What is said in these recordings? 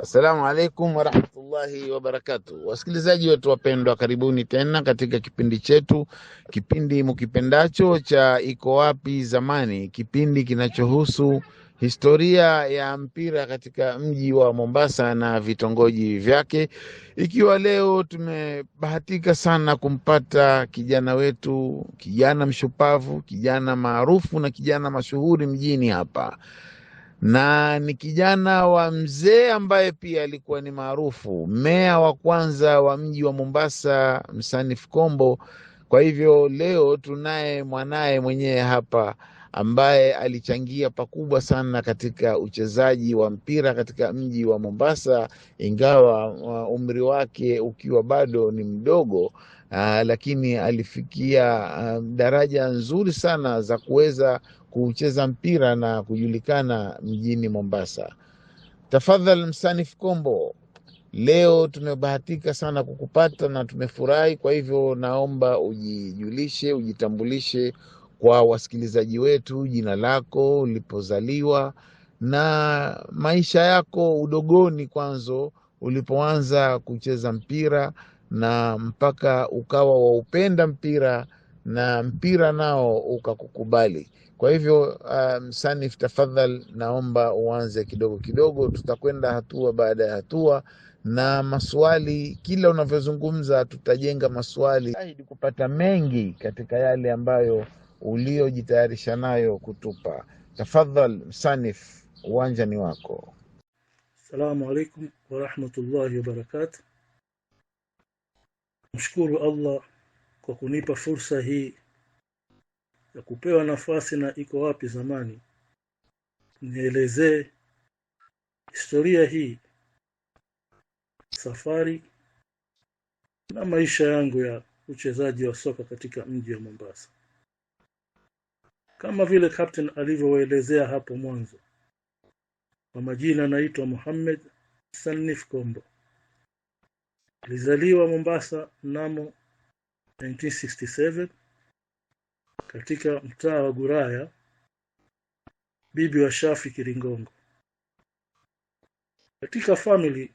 Assalamu alaikum warahmatullahi wabarakatu, wasikilizaji wetu wapendwa, karibuni tena katika kipindi chetu, kipindi mkipendacho cha Iko Wapi Zamani, kipindi kinachohusu historia ya mpira katika mji wa Mombasa na vitongoji vyake. Ikiwa leo tumebahatika sana kumpata kijana wetu, kijana mshupavu, kijana maarufu na kijana mashuhuri mjini hapa na ni kijana wa mzee ambaye pia alikuwa ni maarufu, meya wa kwanza wa mji wa Mombasa, Msanif Kombo. Kwa hivyo leo tunaye mwanaye mwenyewe hapa ambaye alichangia pakubwa sana katika uchezaji wa mpira katika mji wa Mombasa, ingawa uh, umri wake ukiwa bado ni mdogo. Aa, uh, lakini alifikia uh, daraja nzuri sana za kuweza kucheza mpira na kujulikana mjini Mombasa. Tafadhali Msanif Kombo, leo tumebahatika sana kukupata na tumefurahi. Kwa hivyo naomba ujijulishe, ujitambulishe kwa wasikilizaji wetu, jina lako, ulipozaliwa na maisha yako udogoni, kwanzo ulipoanza kucheza mpira na mpaka ukawa waupenda mpira na mpira nao ukakukubali. Kwa hivyo msanif, um, tafadhal, naomba uanze kidogo kidogo, tutakwenda hatua baada ya hatua na maswali. Kila unavyozungumza tutajenga maswali zaidi kupata mengi katika yale ambayo uliojitayarisha nayo kutupa. Tafadhal msanif, uwanja ni wako. Assalamu alaikum warahmatullahi wabarakatu. Mshukuru Allah kwa kunipa fursa hii ya kupewa nafasi na iko wapi zamani nielezee historia hii safari na maisha yangu ya uchezaji wa soka katika mji wa Mombasa kama vile captain alivyoelezea hapo mwanzo kwa majina naitwa Mohamed Sanif Kombo alizaliwa Mombasa mnamo katika mtaa wa Guraya bibi wa Shafi Kiringongo katika family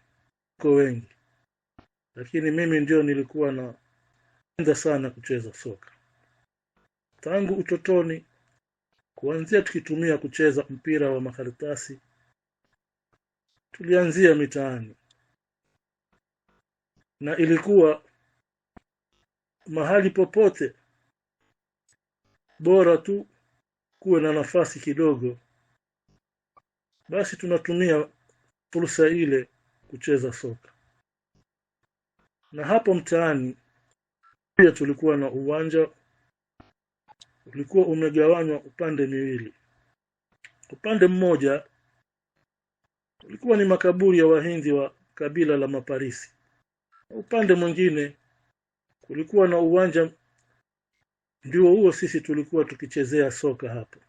ko wengi lakini mimi ndio nilikuwa napenda sana kucheza soka tangu utotoni kuanzia tukitumia kucheza mpira wa makaratasi tulianzia mitaani na ilikuwa mahali popote bora tu kuwe na nafasi kidogo basi tunatumia fursa ile kucheza soka na hapo mtaani pia tulikuwa na uwanja ulikuwa umegawanywa upande miwili upande mmoja ulikuwa ni makaburi ya wahindi wa kabila la maparisi upande mwingine kulikuwa na uwanja ndio huo sisi tulikuwa tukichezea soka hapo,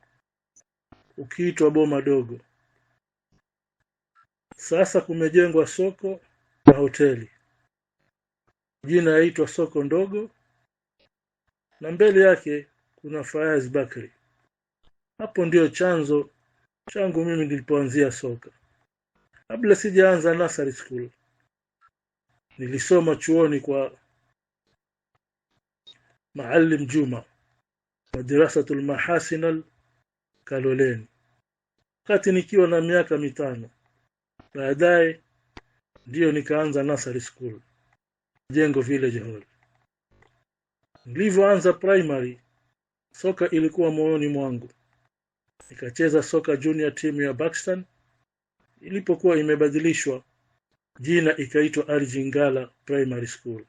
ukiitwa boma dogo. Sasa kumejengwa soko na hoteli, jina yaitwa soko ndogo, na mbele yake kuna Fayaz Bakri. Hapo ndio chanzo changu mimi nilipoanzia soka. Kabla sijaanza nasari school, nilisoma chuoni kwa Maalim Juma madrasatul Mahasinal Kaloleni wakati nikiwa na miaka mitano baadaye ndiyo nikaanza nursery school jengo village hall nilivyoanza primary soka ilikuwa moyoni mwangu nikacheza soka junior timu ya Buxton ilipokuwa imebadilishwa jina ikaitwa Arjingala Primary School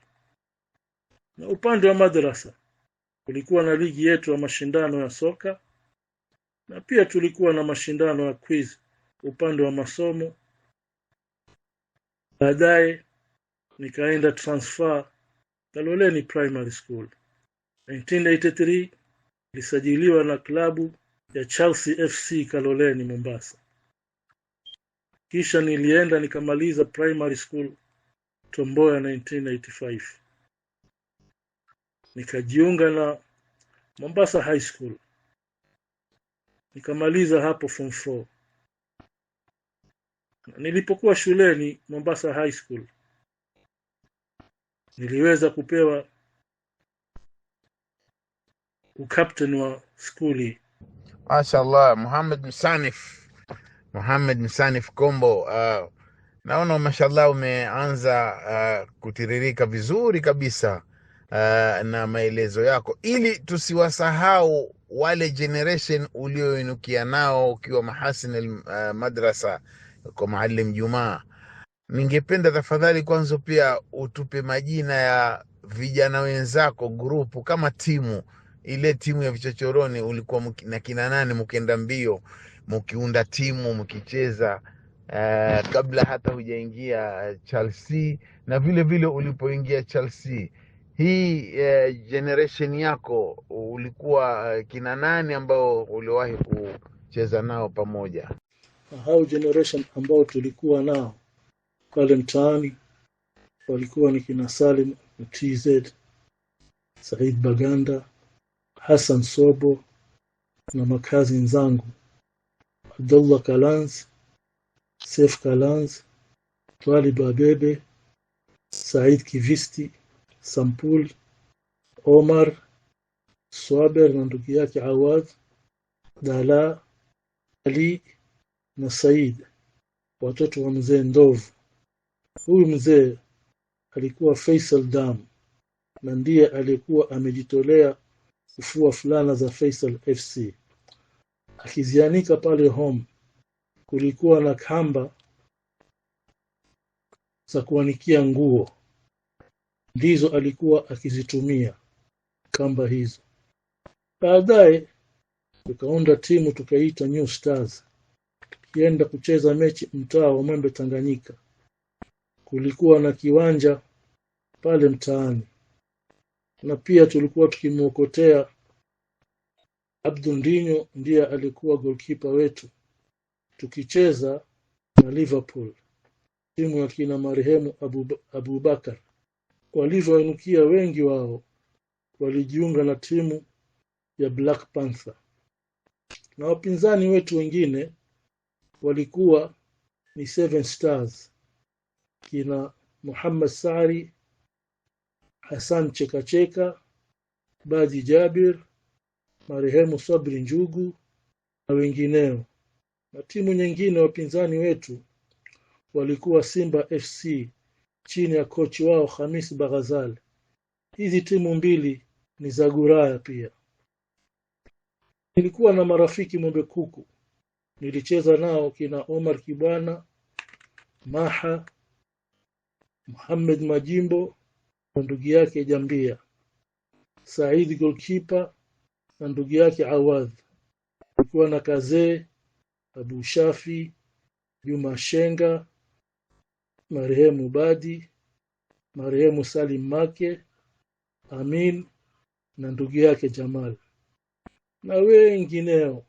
na upande wa madrasa kulikuwa na ligi yetu ya mashindano ya soka na pia tulikuwa na mashindano ya quiz upande wa masomo baadaye nikaenda transfer Kaloleni Primary School 1983 ilisajiliwa na klabu ya Chelsea FC Kaloleni Mombasa kisha nilienda nikamaliza primary school Tomboya 1985 nikajiunga na Mombasa High School nikamaliza hapo form 4 nilipokuwa shuleni Mombasa High School niliweza kupewa ukapten wa skuli mashallah Muhammad Msanif Muhammad Msanif Kombo uh, naona mashallah umeanza uh, kutiririka vizuri kabisa uh, na maelezo yako ili tusiwasahau wale generation ulioinukia nao ukiwa Mahasin uh, madrasa kwa Maalim Jumaa. Ningependa tafadhali kwanza pia utupe majina ya vijana wenzako grupu, kama timu ile timu ya vichochoroni ulikuwa muki, na kina nane mkienda mbio mkiunda timu mkicheza uh, kabla hata hujaingia Chelsea na vile vile ulipoingia Chelsea hii e, generation yako ulikuwa eh, kina nani ambao uliwahi kucheza nao pamoja? Hao generation ambao tulikuwa nao pale mtaani walikuwa ni kina Salim TZ, Said Baganda, Hassan Sobo na makazi nzangu Abdullah Kalans, Sef Kalans, twali babebe Said Kivisti Sampul Omar Swaber na ndugu yake Awad Dala Ali na Said, watoto wa mzee Ndovu. Huyu mzee alikuwa Faisal Damu na ndiye aliyekuwa amejitolea kufua fulana za Faisal FC akizianika pale home. Kulikuwa na kamba za kuanikia nguo ndizo alikuwa akizitumia kamba hizo baadaye tukaunda timu tukaita New Stars tukienda kucheza mechi mtaa wa Mwembe Tanganyika kulikuwa na kiwanja pale mtaani na pia tulikuwa tukimwokotea abdundinyo ndiye alikuwa golkipa wetu tukicheza na Liverpool timu ya kina marehemu Abubakar Abu walivyoinukia wengi wao walijiunga na timu ya Black Panther. Na wapinzani wetu wengine walikuwa ni Seven Stars kina Muhammad Sari, Hassan Chekacheka, Badi Jabir, marehemu Sabri Njugu na wengineo. Na timu nyingine wapinzani wetu walikuwa Simba FC chini ya kochi wao Hamis Baghazal. Hizi timu mbili ni za Guraya pia. Nilikuwa na marafiki Mwembe Kuku, nilicheza nao kina Omar Kibwana, Maha, Muhammad Majimbo na ndugu yake Jambia, Said golkipa na ndugu yake Awadh, nilikuwa na Kazee, Abu Shafi, Juma Shenga marehemu Badi, marehemu Salim Make, Amin na ndugu yake Jamal na wengineo.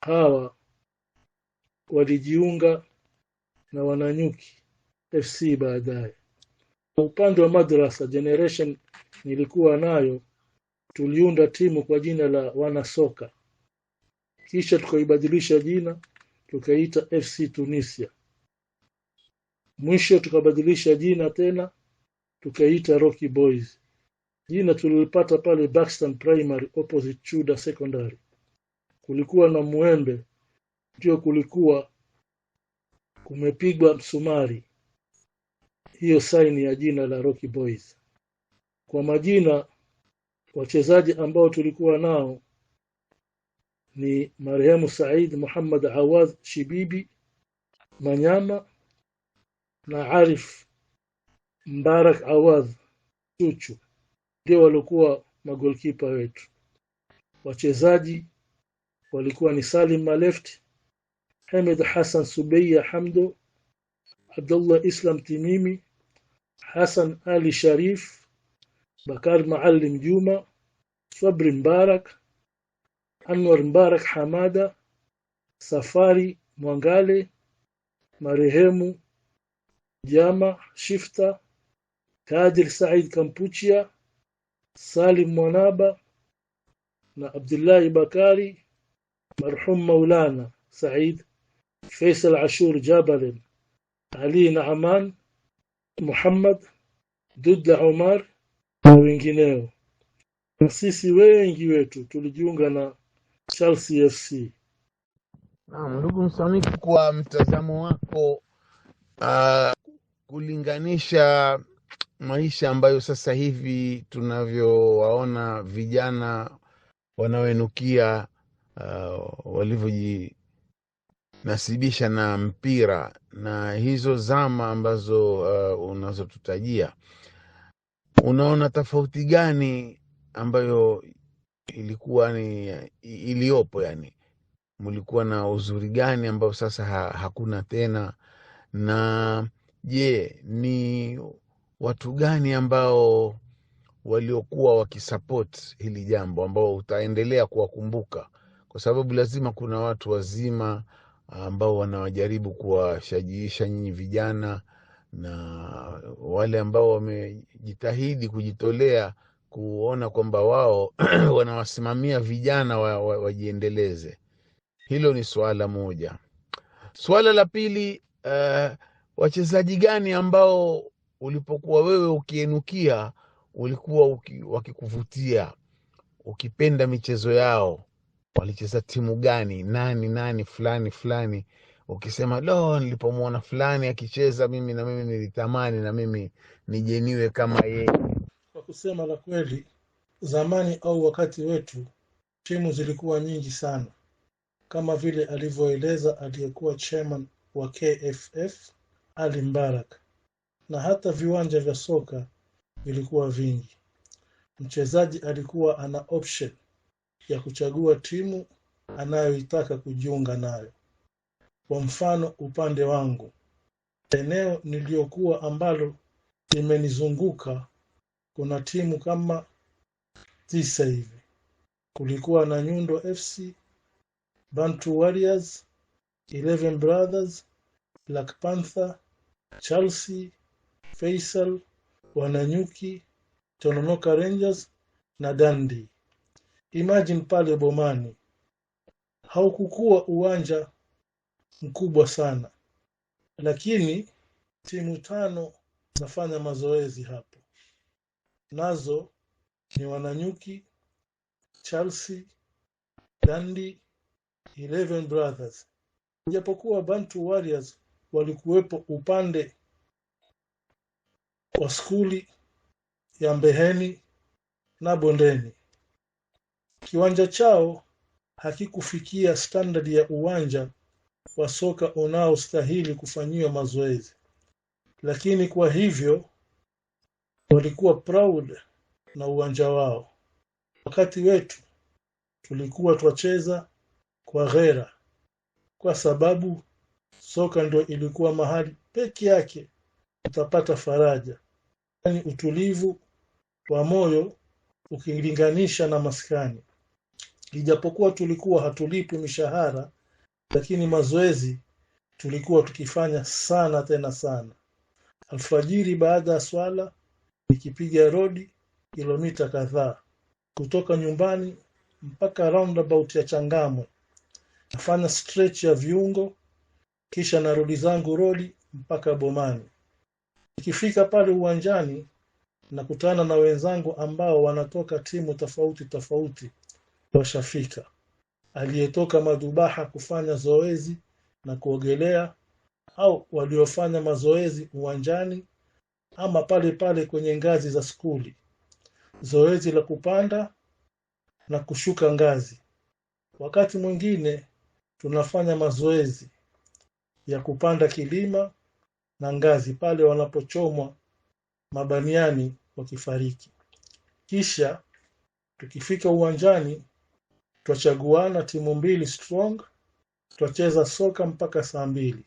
Hawa walijiunga na Wananyuki FC baadaye. Upande wa madrasa generation nilikuwa nayo, tuliunda timu kwa jina la Wanasoka, kisha tukaibadilisha jina tukaita FC Tunisia mwisho tukabadilisha jina tena tukaita Rocky Boys jina tulipata pale Baxton Primary opposite Chuda Secondary kulikuwa na muembe ndio kulikuwa kumepigwa msumari hiyo saini ya jina la Rocky Boys kwa majina wachezaji ambao tulikuwa nao ni marehemu Said Muhammad Awaz Shibibi Manyama na Arif Mbarak Awadh Chuchu ndio waliokuwa magolkipa wetu. Wachezaji walikuwa ni Salim Maleft, Hamed Hassan Subeya Hamdo, Abdullah Islam Timimi, Hassan Ali Sharif, Bakar Maalim Juma, Sabri Mbarak, Anwar Mbarak Hamada, Safari Mwangale, marehemu Jama Shifta Kadir Said Kampuchia Salim Mwanaba na Abdullahi Bakari marhum Maulana Said Faisal Ashur Jabalin Ali Naaman Muhammad Dudla Omar na wengineo. Na sisi wengi wetu tulijiunga na Chelsea FC. Naam, ndugu Msamiki, kwa mtazamo wako uh, kulinganisha maisha ambayo sasa hivi tunavyowaona vijana wanaoenukia uh, walivyojinasibisha na mpira na hizo zama ambazo uh, unazotutajia, unaona tofauti gani ambayo ilikuwa ni iliyopo? Yani, mulikuwa na uzuri gani ambao sasa ha, hakuna tena na je, ni watu gani ambao waliokuwa wakisapoti hili jambo ambao utaendelea kuwakumbuka, kwa sababu lazima kuna watu wazima ambao wanawajaribu kuwashajiisha nyinyi vijana na wale ambao wamejitahidi kujitolea kuona kwamba wao wanawasimamia vijana wajiendeleze. Hilo ni suala moja. Suala la pili, uh, wachezaji gani ambao ulipokuwa wewe ukienukia ulikuwa uki, wakikuvutia ukipenda michezo yao, walicheza timu gani, nani nani, fulani fulani, ukisema lo, nilipomwona fulani akicheza mimi na mimi nilitamani na mimi nijeniwe kama yeye. Kwa kusema la kweli, zamani au wakati wetu timu zilikuwa nyingi sana, kama vile alivyoeleza aliyekuwa chairman wa KFF ali Mbarak na hata viwanja vya soka vilikuwa vingi. Mchezaji alikuwa ana option ya kuchagua timu anayoitaka kujiunga nayo. Kwa mfano, upande wangu eneo niliyokuwa ambalo limenizunguka kuna timu kama tisa hivi. Kulikuwa na Nyundo FC, Bantu Warriors, Eleven Brothers, Black Panther Chelsea, Faisal, Wananyuki, Tononoka Rangers na Dandi. Imagine pale Bomani haukukuwa uwanja mkubwa sana, lakini timu tano zinafanya mazoezi hapo, nazo ni Wananyuki, Chelsea, Dandi, Eleven Brothers. Ijapokuwa Bantu Warriors walikuwepo upande wa skuli ya Mbeheni na Bondeni. Kiwanja chao hakikufikia standadi ya uwanja wa soka unaostahili kufanyiwa mazoezi, lakini kwa hivyo walikuwa proud na uwanja wao. Wakati wetu tulikuwa twacheza kwa ghera, kwa sababu soka ndio ilikuwa mahali peke yake utapata faraja yani utulivu wa moyo ukilinganisha na maskani ijapokuwa tulikuwa hatulipi mishahara lakini mazoezi tulikuwa tukifanya sana tena sana alfajiri baada ya swala nikipiga rodi kilomita kadhaa kutoka nyumbani mpaka roundabout ya Changamwe nafanya stretch ya viungo kisha narudi zangu rodi mpaka bomani nikifika pale uwanjani nakutana na wenzangu ambao wanatoka timu tofauti tofauti washafika aliyetoka madubaha kufanya zoezi na kuogelea au waliofanya mazoezi uwanjani ama pale pale kwenye ngazi za skuli zoezi la kupanda na kushuka ngazi wakati mwingine tunafanya mazoezi ya kupanda kilima na ngazi pale wanapochomwa mabaniani wakifariki. Kisha tukifika uwanjani twachaguana timu mbili strong, twacheza soka mpaka saa mbili.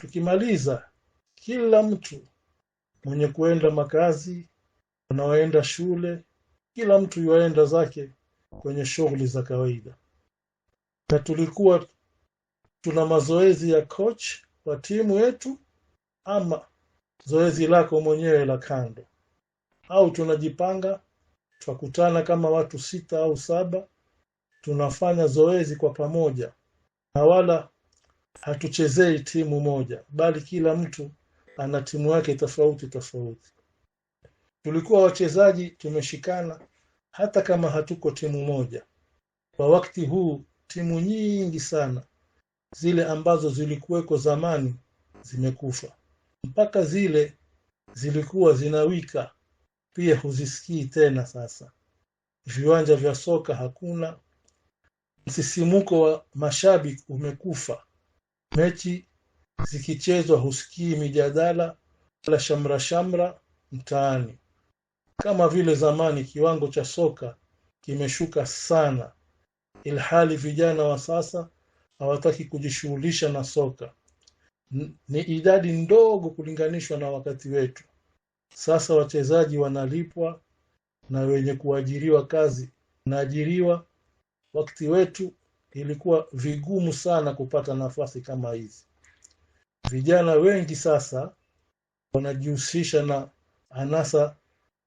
Tukimaliza kila mtu mwenye kuenda makazi, wanaoenda shule, kila mtu yuaenda zake kwenye shughuli za kawaida. Na tulikuwa tuna mazoezi ya coach wa timu yetu ama zoezi lako mwenyewe la kando au tunajipanga twakutana kama watu sita au saba tunafanya zoezi kwa pamoja na wala hatuchezei timu moja bali kila mtu ana timu yake tofauti tofauti tulikuwa wachezaji tumeshikana hata kama hatuko timu moja kwa wakati huu timu nyingi sana zile ambazo zilikuweko zamani zimekufa mpaka zile zilikuwa zinawika pia huzisikii tena sasa viwanja vya soka hakuna msisimuko wa mashabiki umekufa mechi zikichezwa husikii mijadala la shamra shamra mtaani kama vile zamani kiwango cha soka kimeshuka sana ilhali vijana wa sasa hawataki kujishughulisha na soka ni idadi ndogo kulinganishwa na wakati wetu sasa wachezaji wanalipwa na wenye kuajiriwa kazi naajiriwa wakati wetu ilikuwa vigumu sana kupata nafasi kama hizi vijana wengi sasa wanajihusisha na anasa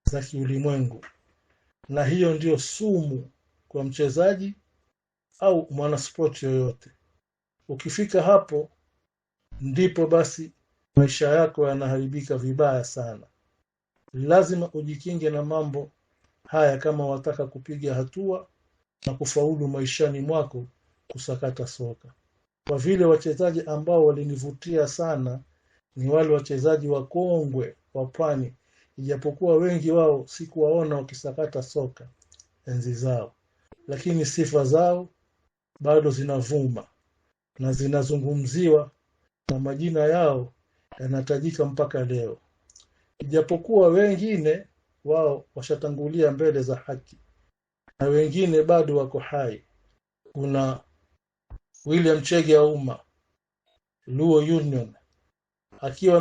za kiulimwengu na hiyo ndiyo sumu kwa mchezaji au mwanaspoti yoyote ukifika hapo ndipo basi maisha yako yanaharibika vibaya sana lazima ujikinge na mambo haya kama wataka kupiga hatua na kufaulu maishani mwako kusakata soka kwa vile wachezaji ambao walinivutia sana ni wale wachezaji wakongwe wa pwani ijapokuwa wengi wao sikuwaona wakisakata soka enzi zao lakini sifa zao bado zinavuma na zinazungumziwa na majina yao yanatajika mpaka leo ijapokuwa wengine wao washatangulia mbele za haki na wengine bado wako hai kuna William Chege Auma Luo Union akiwa